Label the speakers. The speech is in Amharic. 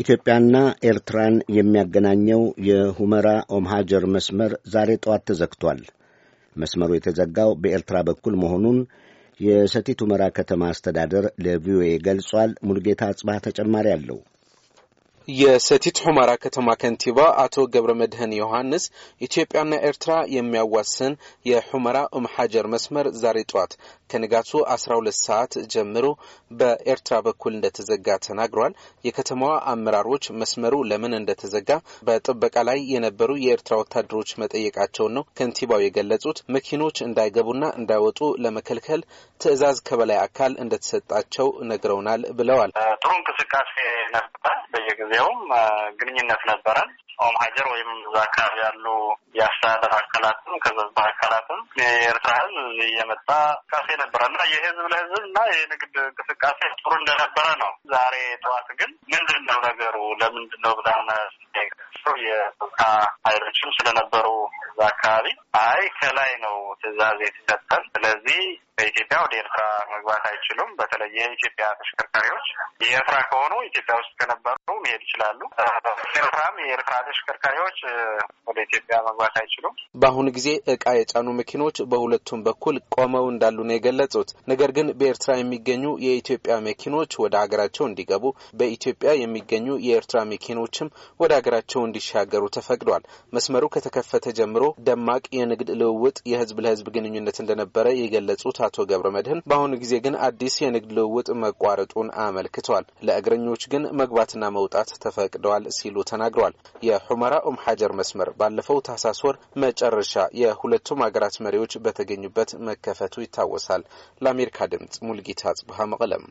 Speaker 1: ኢትዮጵያና ኤርትራን የሚያገናኘው የሁመራ ኦምሃጀር መስመር ዛሬ ጠዋት ተዘግቷል። መስመሩ የተዘጋው በኤርትራ በኩል መሆኑን የሰቲት ሁመራ ከተማ አስተዳደር ለቪኦኤ ገልጿል። ሙልጌታ አጽባህ ተጨማሪ አለው።
Speaker 2: የሰቲት ሁመራ ከተማ ከንቲባ አቶ ገብረ መድህን ዮሐንስ ኢትዮጵያና ኤርትራ የሚያዋስን የሁመራ ኡም ሐጀር መስመር ዛሬ ጠዋት ከንጋቱ 12 ሰዓት ጀምሮ በኤርትራ በኩል እንደተዘጋ ተናግሯል። የከተማዋ አመራሮች መስመሩ ለምን እንደተዘጋ በጥበቃ ላይ የነበሩ የኤርትራ ወታደሮች መጠየቃቸውን ነው ከንቲባው የገለጹት። መኪኖች እንዳይገቡና እንዳይወጡ ለመከልከል ትዕዛዝ ከበላይ አካል እንደተሰጣቸው ነግረውናል ብለዋል።
Speaker 3: ጥሩ እንቅስቃሴ በየጊዜውም ግንኙነት ነበረን። ኦም ሀጀር ወይም እዛ አካባቢ ያሉ የአስተዳደር አካላትም ከዘዛ አካላትም የኤርትራ ህዝብ እየመጣ ቃሴ ነበረ እና የህዝብ ለህዝብ እና የንግድ እንቅስቃሴ ጥሩ እንደነበረ ነው። ዛሬ ጠዋት ግን ምንድን ነው ነገሩ ለምንድን ነው ብላነ የጸጥታ ኃይሎችም ስለነበሩ እዛ አካባቢ አይ ከላይ ነው ትዕዛዝ የተሰጠን ስለዚህ ወደ ኤርትራ መግባት አይችሉም። በተለይ የኢትዮጵያ ተሽከርካሪዎች የኤርትራ ከሆኑ ኢትዮጵያ ውስጥ ከነበሩ መሄድ ይችላሉ። ኤርትራም የኤርትራ ተሽከርካሪዎች ወደ ኢትዮጵያ መግባት አይችሉም።
Speaker 2: በአሁኑ ጊዜ እቃ የጫኑ መኪኖች በሁለቱም በኩል ቆመው እንዳሉ ነው የገለጹት። ነገር ግን በኤርትራ የሚገኙ የኢትዮጵያ መኪኖች ወደ ሀገራቸው እንዲገቡ፣ በኢትዮጵያ የሚገኙ የኤርትራ መኪኖችም ወደ ሀገራቸው እንዲሻገሩ ተፈቅዷል። መስመሩ ከተከፈተ ጀምሮ ደማቅ የንግድ ልውውጥ፣ የህዝብ ለህዝብ ግንኙነት እንደነበረ የገለጹት አቶ ገብረ በመድህን በአሁኑ ጊዜ ግን አዲስ የንግድ ልውውጥ መቋረጡን አመልክተዋል። ለእግረኞች ግን መግባትና መውጣት ተፈቅደዋል ሲሉ ተናግረዋል። የሑመራ ኡም ሐጀር መስመር ባለፈው ታህሳስ ወር መጨረሻ የሁለቱም ሀገራት መሪዎች በተገኙበት መከፈቱ ይታወሳል። ለአሜሪካ ድምጽ ሙልጌታ ጽቡሃ መቀለም